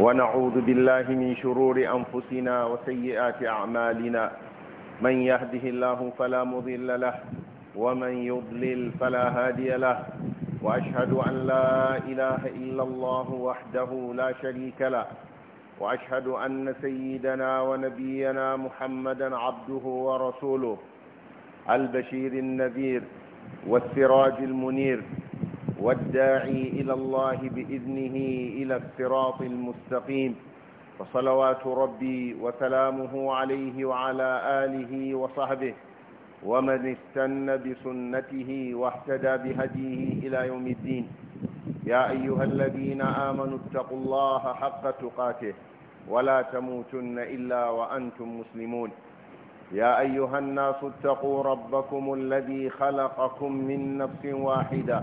ونعوذ بالله من شرور أنفسنا وسيئات أعمالنا من يهده الله فلا مضل له ومن يضلل فلا هادي له وأشهد أن لا إله إلا الله وحده لا شريك له وأشهد أن سيدنا ونبينا محمدا عبده ورسوله البشير النذير والسراج المنير والداعي إلى الله بإذنه إلى الصراط المستقيم فصلوات ربي وسلامه عليه وعلى آله وصحبه ومن استن بسنته واهتدى بهديه إلى يوم الدين يا أيها الذين آمنوا اتقوا الله حق تقاته ولا تموتن إلا وأنتم مسلمون يا أيها الناس اتقوا ربكم الذي خلقكم من نفس واحدة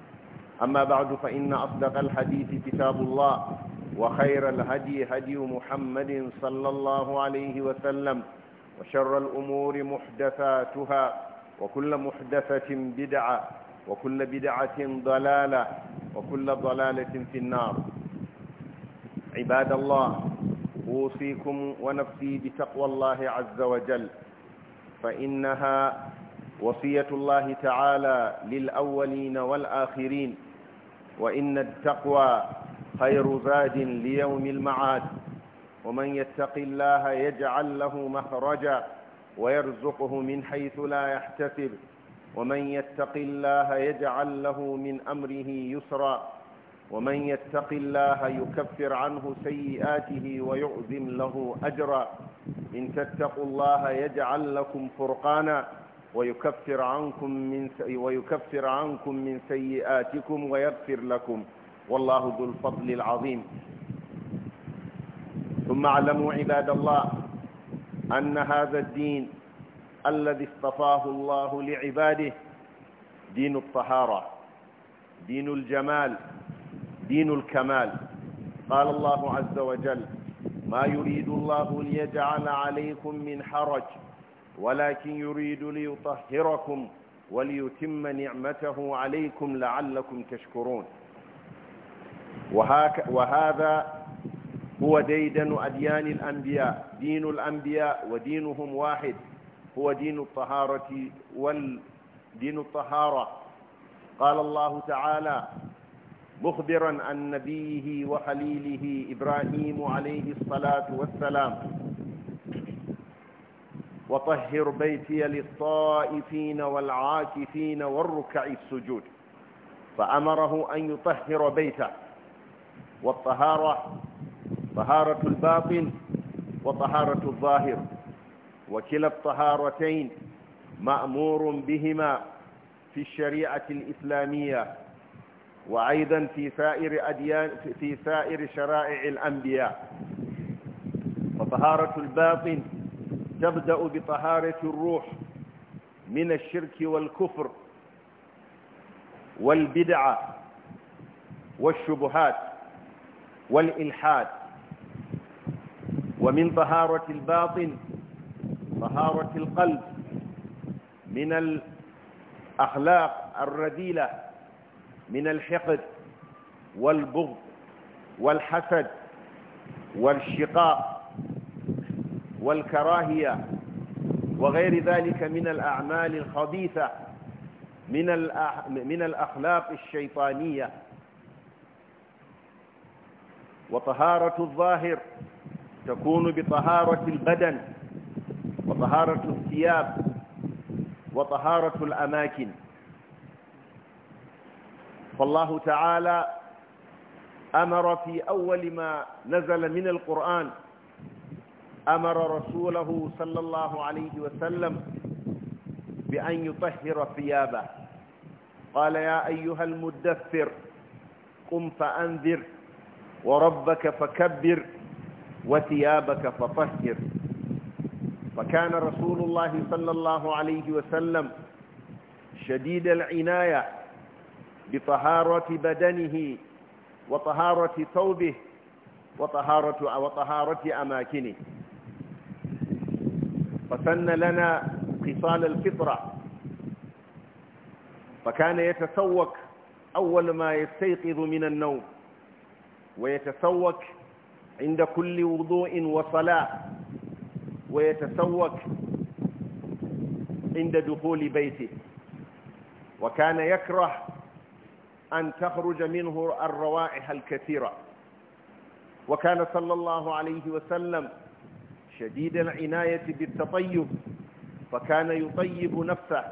أما بعد فإن أصدق الحديث كتاب الله وخير الهدي هدي محمد صلى الله عليه وسلم وشر الأمور محدثاتها وكل محدثة بدعة وكل بدعة ضلالة وكل ضلالة في النار عباد الله أوصيكم ونفسي بتقوى الله عز وجل فإنها وصية الله تعالى للأولين والآخرين وإن التقوى خير زاد ليوم المعاد ومن يتق الله يجعل له مخرجا ويرزقه من حيث لا يحتسب ومن يتق الله يجعل له من أمره يسرا ومن يتق الله يكفر عنه سيئاته ويعظم له أجرا إن تتقوا الله يجعل لكم فرقانا ويكفر عنكم من ويكفر عنكم من سيئاتكم ويغفر لكم والله ذو الفضل العظيم ثم اعلموا عباد الله أن هذا الدين الذي اصطفاه الله لعباده دين الطهارة دين الجمال دين الكمال قال الله عز وجل ما يريد الله ليجعل عليكم من حرج ولكن يريد ليطهركم وليتم نعمته عليكم لعلكم تشكرون وهك وهذا هو ديدن أديان الأنبياء دين الأنبياء ودينهم واحد هو دين الطهارة والدين الطهارة قال الله تعالى مخبرا عن نبيه وخليله إبراهيم عليه الصلاة والسلام وطهر بيتي للطائفين والعاكفين والركع السجود فأمره أن يطهر بيته والطهارة طهارة الباطن وطهارة الظاهر وكلا الطهارتين مأمور بهما في الشريعة الإسلامية وأيضا في سائر أديان في سائر شرائع الأنبياء فطهارة الباطن تبدأ بطهارة الروح من الشرك والكفر والبدعة والشبهات والإلحاد ومن طهارة الباطن طهارة القلب من الأخلاق الرذيلة من الحقد والبغض والحسد والشقاق والكراهية وغير ذلك من الأعمال الخبيثة من من الأخلاق الشيطانية وطهارة الظاهر تكون بطهارة البدن وطهارة الثياب وطهارة الأماكن فالله تعالى أمر في أول ما نزل من القرآن أمر رسوله صلى الله عليه وسلم بأن يطهر ثيابه قال يا أيها المدثر قم فأنذر وربك فكبر وثيابك فطهر فكان رسول الله صلى الله عليه وسلم شديد العناية بطهارة بدنه وطهارة ثوبه وطهارة, وطهارة أماكنه فسن لنا خصال الفطرة فكان يتسوك أول ما يستيقظ من النوم ويتسوك عند كل وضوء وصلاة ويتسوك عند دخول بيته وكان يكره أن تخرج منه الروائح الكثيرة وكان صلى الله عليه وسلم شديد العناية بالتطيب فكان يطيب نفسه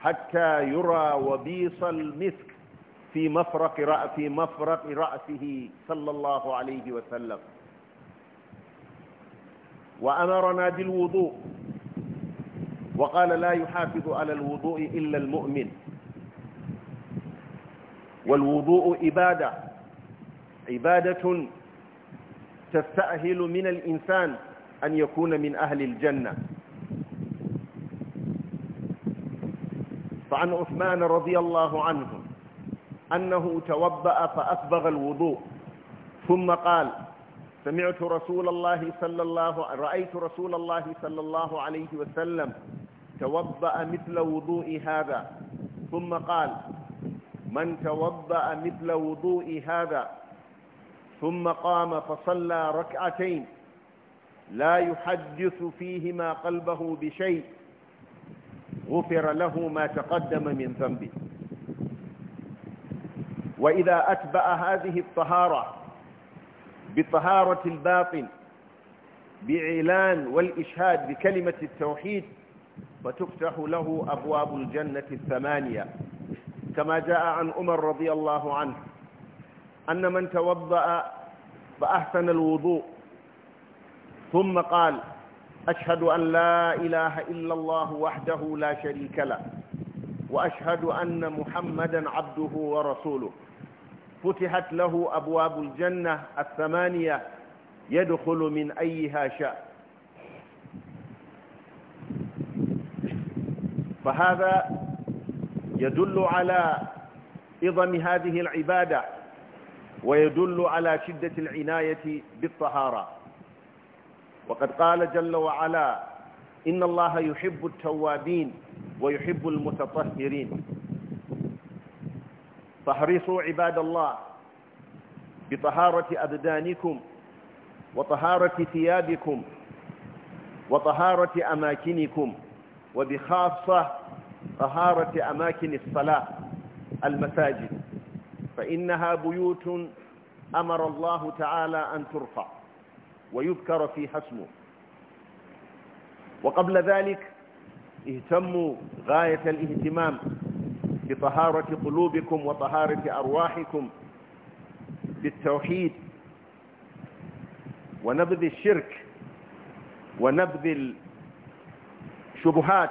حتى يرى وبيص المسك في مفرق رأ في مفرق رأسه صلى الله عليه وسلم وأمرنا بالوضوء وقال لا يحافظ على الوضوء إلا المؤمن والوضوء عبادة عبادة تستأهل من الإنسان أن يكون من أهل الجنة فعن عثمان رضي الله عنه أنه توبأ فأسبغ الوضوء ثم قال سمعت رسول الله صلى الله رأيت رسول الله صلى الله عليه وسلم توبأ مثل وضوء هذا ثم قال من توبأ مثل وضوء هذا ثم قام فصلى ركعتين لا يحدث فيهما قلبه بشيء غفر له ما تقدم من ذنبه وإذا أتبع هذه الطهارة بطهارة الباطن بإعلان والإشهاد بكلمة التوحيد فتفتح له أبواب الجنة الثمانية كما جاء عن عمر رضي الله عنه أن من توضأ فأحسن الوضوء ثم قال أشهد أن لا إله إلا الله وحده لا شريك له وأشهد أن محمدا عبده ورسوله فتحت له أبواب الجنة الثمانية يدخل من أيها شاء فهذا يدل على إظم هذه العبادة ويدل على شدة العناية بالطهارة وقد قال جل وعلا إن الله يحب التوابين ويحب المتطهرين فاحرصوا عباد الله بطهارة أبدانكم وطهارة ثيابكم وطهارة أماكنكم وبخاصة طهارة أماكن الصلاة المساجد فإنها بيوت أمر الله تعالى أن ترفع ويذكر فيها اسمه وقبل ذلك اهتموا غاية الاهتمام بطهارة قلوبكم وطهارة أرواحكم بالتوحيد ونبذ الشرك ونبذ الشبهات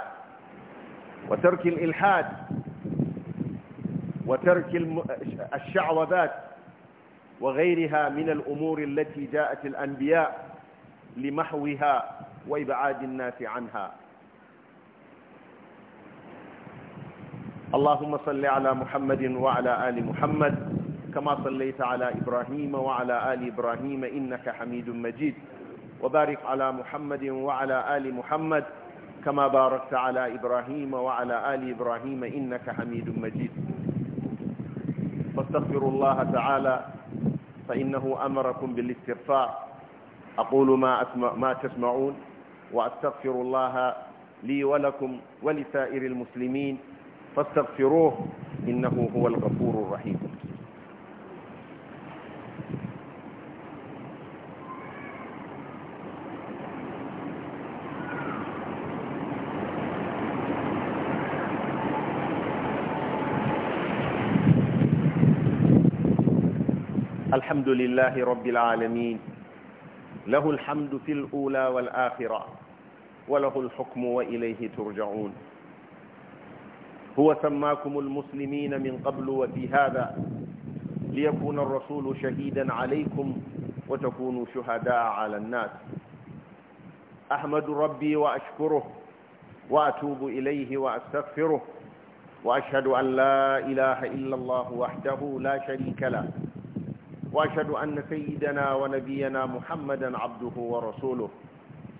وترك الإلحاد وترك الشعوذات وغيرها من الأمور التي جاءت الأنبياء لمحوها وإبعاد الناس عنها اللهم صل على محمد وعلى آل محمد كما صليت على إبراهيم وعلى آل إبراهيم إنك حميد مجيد وبارك على محمد وعلى آل محمد كما باركت على إبراهيم وعلى آل إبراهيم إنك حميد مجيد فاستغفر الله تعالى فإنه أمركم بالاستغفار أقول ما, أسمع ما تسمعون وأستغفر الله لي ولكم ولسائر المسلمين فاستغفروه إنه هو الغفور الرحيم الحمد لله رب العالمين له الحمد في الأولى والآخرة وله الحكم وإليه ترجعون هو سماكم المسلمين من قبل وفي هذا ليكون الرسول شهيدا عليكم وتكونوا شهداء على الناس أحمد ربي وأشكره وأتوب إليه وأستغفره وأشهد أن لا إله إلا الله وحده لا شريك له وأشهد أن سيدنا ونبينا محمدا عبده ورسوله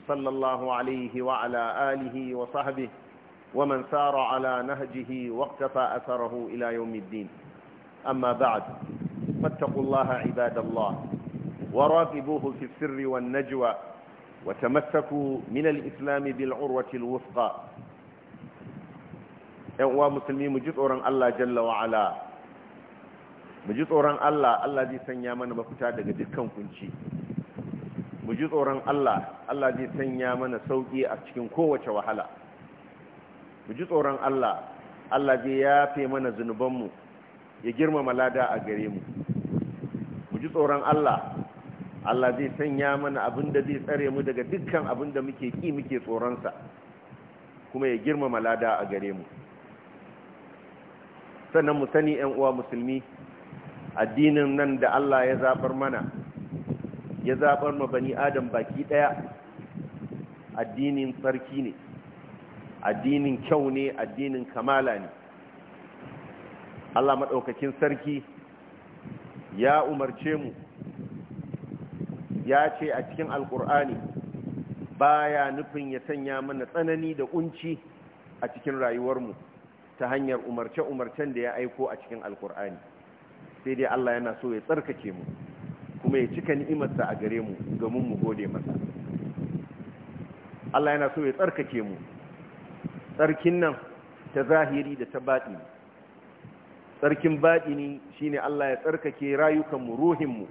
صلى الله عليه وعلى آله وصحبه ومن سار على نهجه واقتفى أثره إلى يوم الدين أما بعد فاتقوا الله عباد الله وراقبوه في السر والنجوى وتمسكوا من الإسلام بالعروة الوثقى يا مسلمين جزء الله جل وعلا mu ji tsoron Allah Allah zai sanya mana mafita daga dukkan kunci mu ji tsoron Allah Allah zai sanya mana sauki a cikin kowace wahala mu ji tsoron Allah Allah zai yafe mana zunubanmu ya girmama lada a gare mu mu ji tsoron Allah Allah zai sanya mana abin da zai tsare mu daga dukkan abin da muke ki muke tsoronsa kuma ya girmama lada a gare mu sannan mu sani 'yan uwa musulmi addinin nan da Allah ya zabar mana ya zaɓar ma bani adam baki ɗaya addinin sarki ne addinin kyau ne addinin kamala ne Allah madaukakin sarki ya umarce mu ya ce a cikin alkur'ani baya nufin ya sanya mana tsanani da ƙunci a cikin rayuwarmu ta hanyar umarce-umarcen da ya aiko a cikin alkur'ani sai dai Allah yana so ya tsarkake mu kuma ya cika ni'imarsa a gare mu ga mu gode masa Allah yana so ya tsarkake mu tsarkin nan ta zahiri da ta baɗi tsarkin baɗi ne shine Allah ya tsarkake rayukanmu mu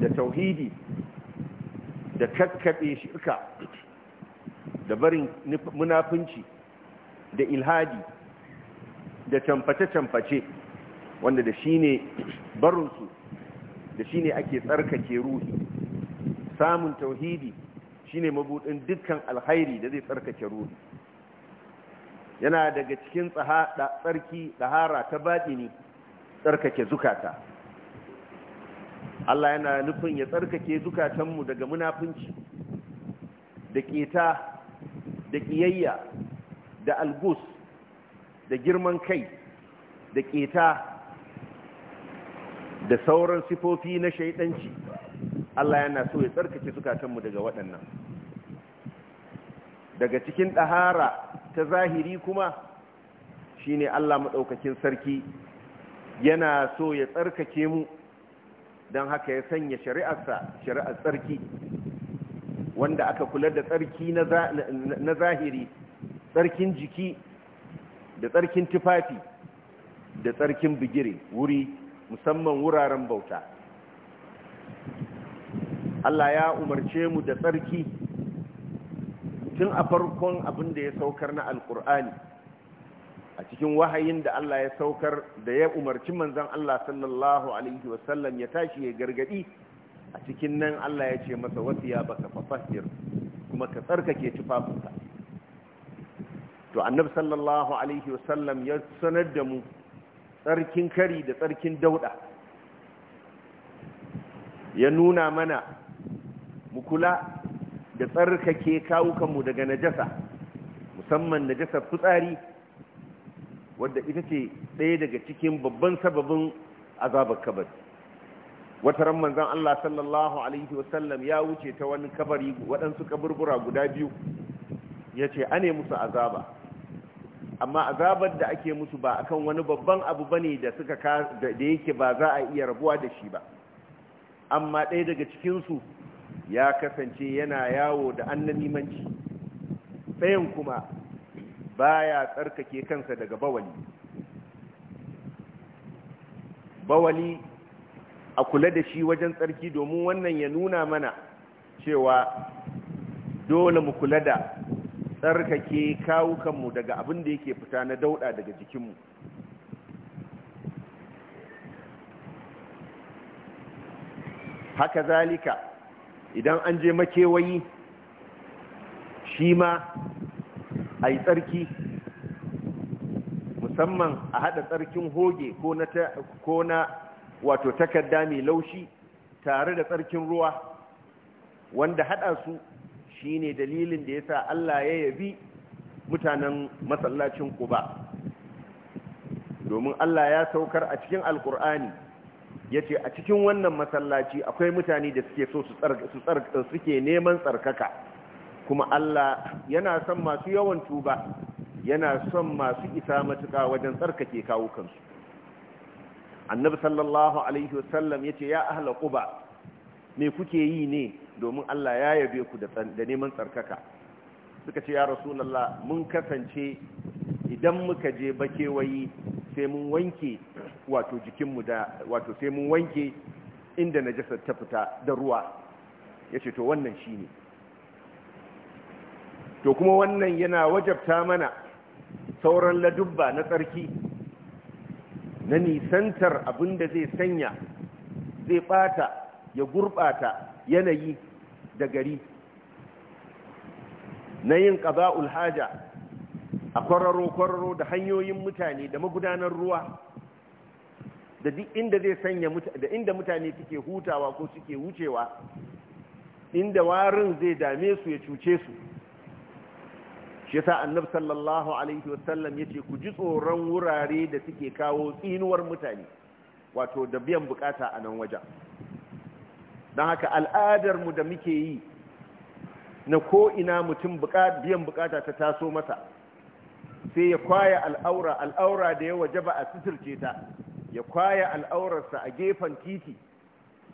da tauhidi da kakkaɓe shirka da barin munafunci da ilhadi da camface-camface wanda da shi ne barinsu da shi ne ake tsarkake ruhi samun tauhidi shi ne mabudin dukkan alhairi da zai tsarkake ruhi yana daga cikin tsarki hara ta baɗi baɗini tsarkake zukata Allah yana nufin ya tsarkake zukatanmu daga munafunci da ƙeta da ƙiyayya da algus da girman kai da ƙeta da sauran sifofi na shaidanci Allah yana so ya tsarkake zukatanmu daga waɗannan daga cikin ɗahara ta zahiri kuma shine Allah maɗaukakin sarki yana so ya tsarkake mu don haka ya sanya shari'arsa shari'ar tsarki wanda aka kula da tsarki na zahiri tsarkin jiki da tsarkin tufafi da tsarkin bigire wuri musamman wuraren bauta Allah ya umarce mu da tsarki tun a farkon abin da ya saukar na alkur'ani a cikin wahayin da Allah ya saukar da ya umarci manzan Allah sallallahu alaihi wasallam ya tashi ya gargaɗi a cikin nan Allah ya ce masa wasu ya baka fafahir kuma ka tsarkake tufafinka to annab sallallahu alaihi wasallam ya sanar da mu tsarkin kari da tsarkin dauda ya nuna mana mu kula da tsarkake kawukanmu daga najasa musamman najasar fitsari wadda ita ce ɗaya daga cikin babban sababin azabar kabar wata ran manzon Allah sallallahu alaihi wasallam ya wuce ta wani kabari waɗansu kaburbura guda biyu ya ce ane musu azaba amma azabar da ake musu ba akan wani babban abu bane da suka da yake ba za a iya rabuwa da shi ba amma ɗaya daga cikinsu ya kasance yana yawo da annabimanci tsayin kuma baya tsarkake kansa daga bawali bawali a kula da shi wajen tsarki domin wannan ya nuna mana cewa dole mu kula da tsarkake kawukanmu daga abin da yake fita na dauɗa daga jikinmu haka zalika idan an je makewayi shi ma a yi tsarki musamman a haɗa tsarkin hoge ko na wato takarda mai laushi tare da tsarkin ruwa wanda haɗa su Shi ne dalilin da ya sa Allah ya yabi mutanen masallacin Quba domin Allah ya saukar a cikin ya ce a cikin wannan masallaci akwai mutane da suke so su suke neman tsarkaka kuma Allah yana son masu yawan tuba yana son masu isa matuka wajen tsarkake kawo kansu annabi sallallahu alaihi wasallam yace ya ahla quba me kuke yi ne domin Allah ya yabe ku da neman tsarkaka suka ce ya rasulallah mun kasance idan muka je bakewayi sai mun wanke wato jikinmu da wato sai mun wanke inda najasar ta fita da ruwa ya ce to wannan shi ne to kuma wannan yana wajabta mana sauran ladubba na tsarki na nisantar abin da zai sanya zai bata ya gurbata yanayi da gari na yin ƙaza'ul haja a kwararo-kwararo da hanyoyin mutane da magudanar ruwa da inda zai sanya da inda mutane suke hutawa ko suke wucewa inda warin zai dame su ya cuce su shi yasa annabi sallallahu alaihi wasallam ce ku ji tsoron wurare da suke kawo tsinuwar mutane wato da biyan bukata a nan wajen don haka al'adarmu da muke yi na ko'ina mutum biyan bukata ta taso masa sai ya kwaya al'aura al'aura da ya waje ba a sitirce ta ya kwaya al'aurarsa a gefen titi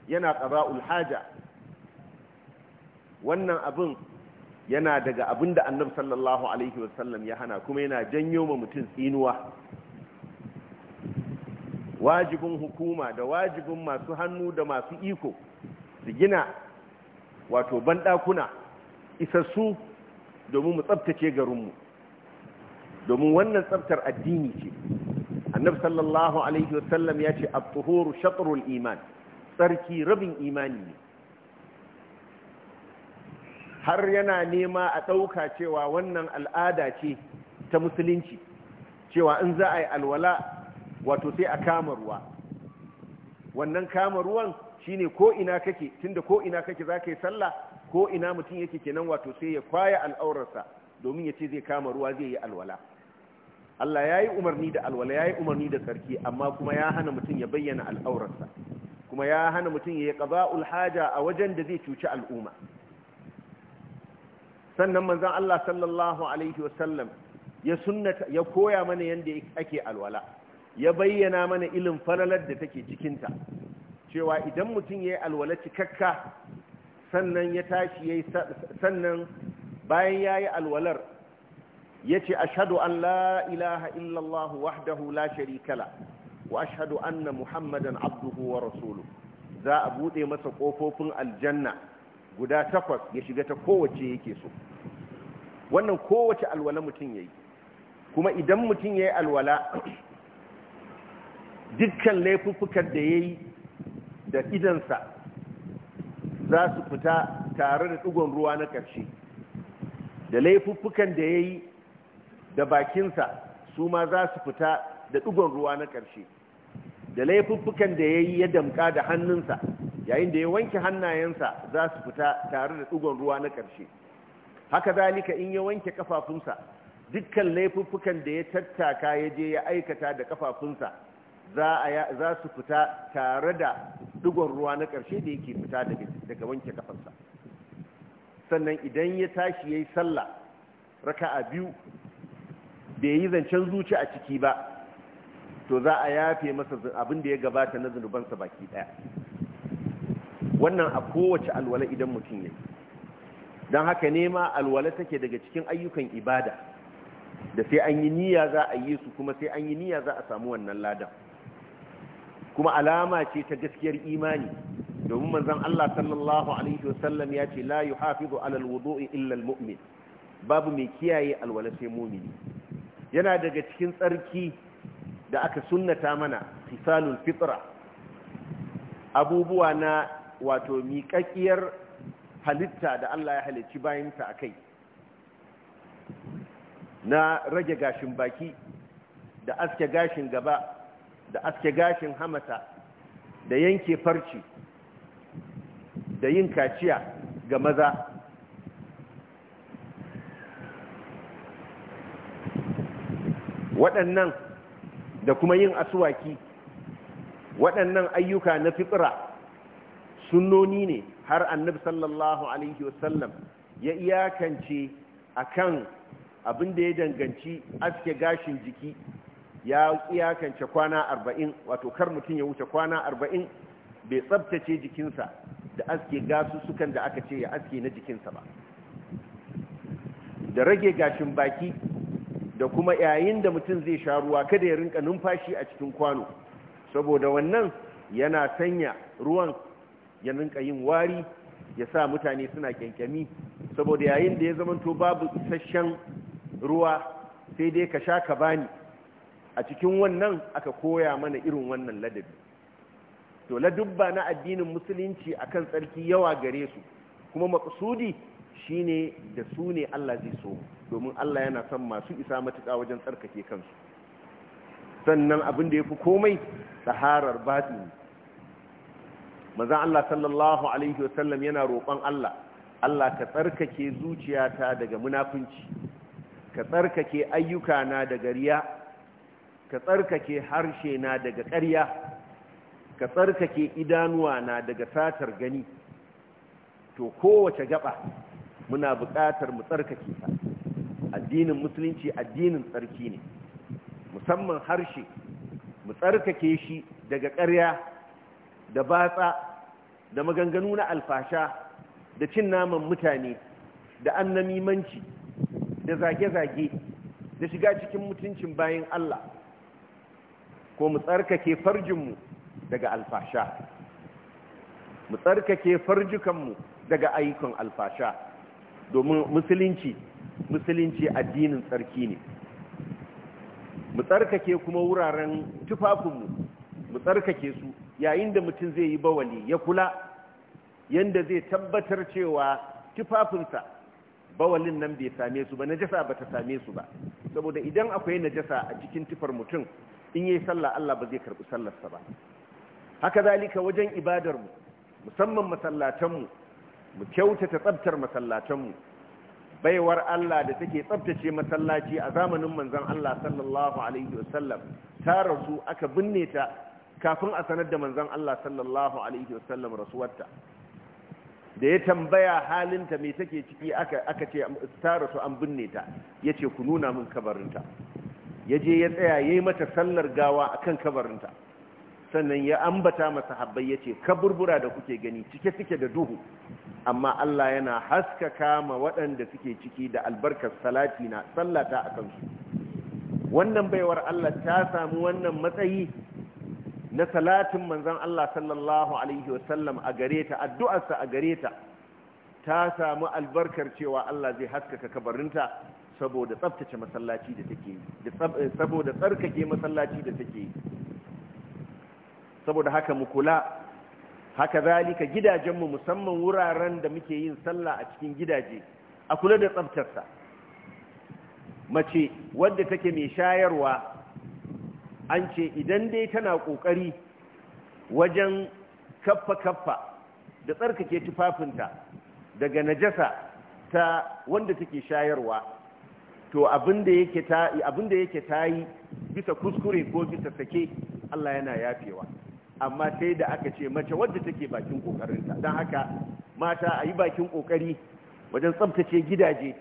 yana ƙaba ulhaja. wannan abin yana daga abin da annab sallallahu alaihi wasallam ya hana kuma yana janyo ma mutum tsinuwa wajibin hukuma da wajibin masu hannu da masu iko su gina wato banɗakuna isassu domin mu tsabtace garinmu domin wannan tsabtar addini ce annab sallallahu alaihi wasallam ya ce at shatrul iman tsarki rabin imani ne har yana nema a ɗauka cewa wannan al'ada ce ta musulunci cewa in za a yi alwala wato sai a kama ruwa wannan kama ruwan shine ko ina kake tunda ko ina kake za ka yi sallah ko ina mutum yake kenan wato sai ya kwaya al'aurarsa domin ya ce zai kama ruwa zai yi alwala Allah ya yi umarni da alwala ya yi umarni da sarki amma kuma ya hana mutum ya bayyana al'aurarsa kuma ya hana mutum ya yi ƙaza'ul haja a wajen da zai cuci al'umma sannan manzan Allah sallallahu alaihi wasallam ya sunnata ya koya mana yadda ake alwala ya bayyana mana ilin falalar da take cikinta cewa idan mutum ya yi alwala cikakka sannan ya tashi ya yi sannan bayan ya yi alwalar ya ce ashadu an la ilaha illallah wahdahu la sharikala wa ashadu na muhammadan abduhu wa rasulu za a buɗe masa ƙofofin aljanna guda takwas ya shiga ta kowace yake so wannan kowace alwala mutum ya yi kuma idan mutum ya yi alwala dukkan laifuffukan da ya yi da idansa za su fita tare da ɗigon ruwa na ƙarshe da laifuffukan da ya yi da bakinsa su ma za su fita da ɗigon ruwa na ƙarshe da laifuffukan da ya yi ya damƙa da hannunsa yayin da ya wanke hannayensa za su fita tare da ɗigon ruwa na ƙarshe haka zalika in ya wanke kafafunsa dukkan laifuffukan da ya tattaka ya je ya aikata da kafafunsa za su fita tare da digon ruwa na ƙarshe da yake fita daga wanke kafarsa sannan idan ya tashi ya yi sallah raka'a biyu bai yi zancen zuci a ciki ba to za a yafe masa abin da ya gabata na zunubansa baki ɗaya wannan a kowace alwala idan mutum ya don haka nema alwala take daga cikin ayyukan ibada da sai an yi niyya za a yi su kuma sai an yi niyya za a samu wannan ladan kuma alama ce ta gaskiyar imani domin manzon Allah sallallahu alaihi wasallam ya ce la yuhafizu ala wudu'i illa almu'min babu mai kiyaye alwala sai mu'mini yana daga cikin tsarki da aka sunnata mana fisalul fitra abubuwa na wato miƙaƙiyar halitta da Allah ya halicci bayansa a kai na rage gashin baki da aske gashin gaba da aske gashin hamata da yanke farci da yin kaciya ga maza waɗannan da kuma yin asuwaki waɗannan ayyuka na fitra sunnoni ne har annabi sallallahu alaihi wasallam ya iyakance akan abin da ya danganci aske gashin jiki ya iyakance kwana arba'in wato kar mutum ya wuce kwana arba'in bai tsabtace jikinsa da aske gasussukan da aka ce ya aske na jikinsa ba da rage gashin baki da kuma yayin da mutum zai sha ruwa kada ya rinka numfashi a cikin kwano saboda wannan yana sanya ruwan ya rinka yin wari ya sa mutane suna kyankyami saboda yayin da ya zamanto babu isasshen ruwa sai dai ka sha ka bani a cikin wannan aka koya mana irin wannan ladabi to ladubba na addinin musulunci akan tsarki yawa gare su kuma maqsudi shine da su ne Allah zai so domin Allah yana son masu isa matuƙa wajen tsarkake kansu sannan abin da yafi komai tsaharar batini maza Allah sallallahu alaihi wasallam yana roƙon Allah Allah ka tsarkake zuciyata daga munafunci ka tsarkake ayyukana daga riya ka tsarkake harshe na daga ƙarya ka tsarkake idanuwa na daga satar gani to kowace gaba muna buƙatar mu tsarkake ta addinin musulunci addinin tsarki ne musamman harshe mu tsarkake shi daga ƙarya da batsa da maganganu na alfasha da cin naman mutane da annamimanci da zage-zage da shiga cikin mutuncin bayan Allah ko mu tsarkake farjinmu daga alfasha mu tsarkake farjukanmu daga ayyukan alfasha domin musulunci musulunci addinin tsarki ne mu tsarkake kuma wuraren tufafinmu mu tsarkake su yayin da mutum zai yi bawali ya kula yanda zai tabbatar cewa tufafinsa bawalin nan bai same su ba najasa ba ta same su ba saboda idan akwai najasa a cikin tufar mutum in yi sallah Allah ba zai karɓi sallarsa ba haka zalika wajen ibadarmu musamman masallatanmu mu kyautata tsabtar masallatanmu baiwar Allah da take tsabtace masallaci a zamanin manzon Allah sallallahu alaihi wasallam ta rasu aka binne ta kafin a sanar da manzon Allah sallallahu alaihi wasallam rasuwarta da ya tambaya halinta mai take ciki aka ce ta rasu an binne ta yace ku nuna min kabarinta ya je ya tsaya ya yi mata sallar gawa a kan kabarinta sannan ya ambata masa habbai ya ce kaburbura da kuke gani cike cike da duhu amma Allah yana haskaka ma waɗanda suke ciki da albarkar salati na sallata a kansu wannan baiwar Allah ta samu wannan matsayi na salatin manzon Allah sallallahu alaihi wasallam a gare ta addu'arsa a gare ta ta samu albarkar cewa Allah zai haskaka kabarinta saboda tsabtace masallaci da take eh, saboda tsarkake masallaci da take yi saboda haka mu kula haka zalika gidajenmu musamman wuraren da muke yin sallah a cikin gidaje a kula da tsabtarsa mace wadda take mai shayarwa an ce idan dai tana ƙoƙari wajen kaffa-kaffa da tsarkake tufafinta daga najasa ta wanda take shayarwa to abin da yake ta yi bisa kuskure ko bisa sake Allah yana yafewa amma sai da aka ce mace wadda take bakin kokarinta don haka mata a yi bakin kokari wajen tsabtace gidaje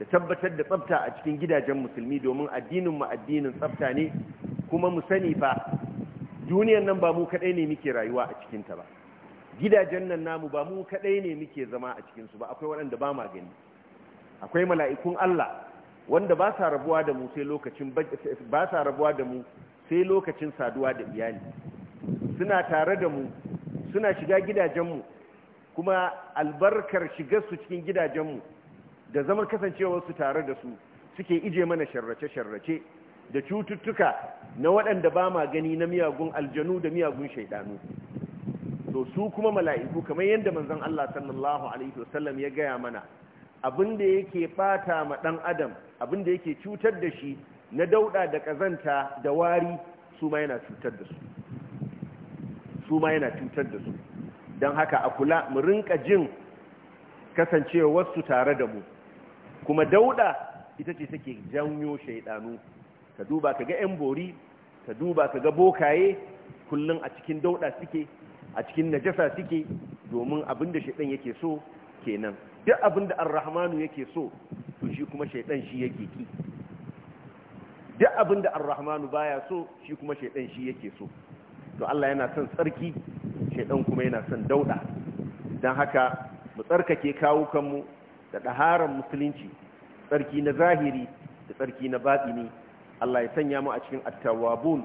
da tabbatar da tsabta a cikin gidajen musulmi domin addininmu addinin tsabta ne kuma mu sani fa duniyar nan ba mu kaɗai ne muke rayuwa a cikinta ba gidajen nan namu ba mu kaɗai ne muke zama a cikinsu ba akwai waɗanda ba ma gani akwai mala'ikun Allah wanda ba sa rabuwa da mu sai lokacin ba sa rabuwa da mu sai lokacin saduwa da iyali suna tare da mu suna shiga gidajenmu kuma albarkar shiga su cikin gidajenmu da zama zaman kasancewarsu tare da su suke ije mana sharrace-sharrace da cututtuka na waɗanda ba ma gani na miyagun aljanu da miyagun shaidanu to su kuma mala'iku kamar yadda manzon Allah sallallahu alaihi wasallam ya gaya mana abin da yake bata ma dan adam abin da yake cutar da shi na dauda da kazanta da wari su ma yana cutar da su su ma yana cutar da su don haka a kula mu rinka jin kasancewarsu tare da mu kuma dauda ita ce take janyo shaidanu ka duba ka ga 'yan bori ka duba ka ga bokaye kullum a cikin dauda suke a cikin najasa suke domin abin da shaidan yake so kenan duk abin da arrahmanu yake so to shi kuma shaidan shi yake ki duk abin da arrahmanu baya so shi kuma shaidan shi yake so to Allah yana son tsarki shaidan kuma yana son dauda dan haka mu tsarkake kanmu da ɗaharar musulunci tsarki na zahiri da tsarki na ne Allah ya sanya mu a cikin attawabun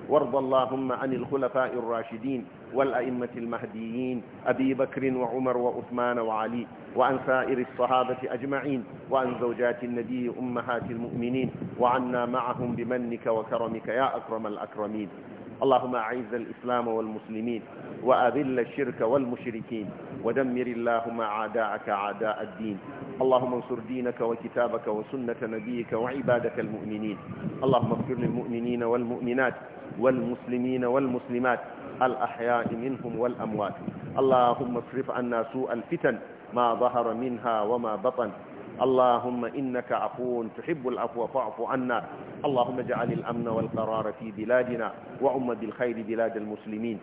وارض اللهم عن الخلفاء الراشدين والأئمة المهديين أبي بكر وعمر وعثمان وعلي وعن سائر الصحابة أجمعين وعن زوجات النبي أمهات المؤمنين وعنا معهم بمنك وكرمك يا أكرم الأكرمين اللهم أعز الإسلام والمسلمين وأذل الشرك والمشركين ودمر اللهم عداءك عداء الدين اللهم انصر دينك وكتابك وسنة نبيك وعبادك المؤمنين اللهم اغفر للمؤمنين والمؤمنات والمسلمين والمسلمات الأحياء منهم والأموات اللهم اصرف عنا سوء الفتن ما ظهر منها وما بطن اللهم إنك عفو تحب العفو فاعف عنا اللهم اجعل الأمن والقرار في بلادنا وعم بالخير بلاد المسلمين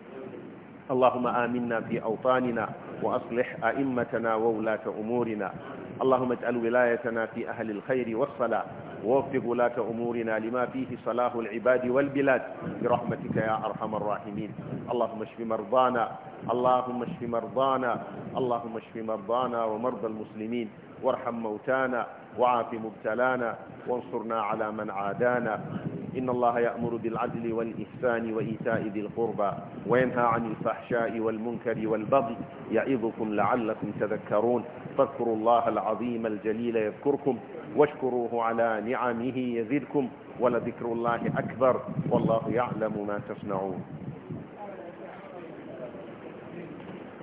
اللهم آمنا في أوطاننا وأصلح أئمتنا وولاة أمورنا اللهم اجعل ولايتنا في أهل الخير والصلاة ووفق ولاة أمورنا لما فيه صلاح العباد والبلاد برحمتك يا أرحم الراحمين اللهم اشف مرضانا اللهم اشف مرضانا اللهم اشف مرضانا ومرضى المسلمين وارحم موتانا وعاف مبتلانا وانصرنا على من عادانا إن الله يأمر بالعدل والإحسان وإيتاء ذي القربى وينهى عن الفحشاء والمنكر والبغي يعظكم لعلكم تذكرون فاذكروا الله العظيم الجليل يذكركم واشكروه على نعمه يزدكم ولذكر الله أكبر والله يعلم ما تصنعون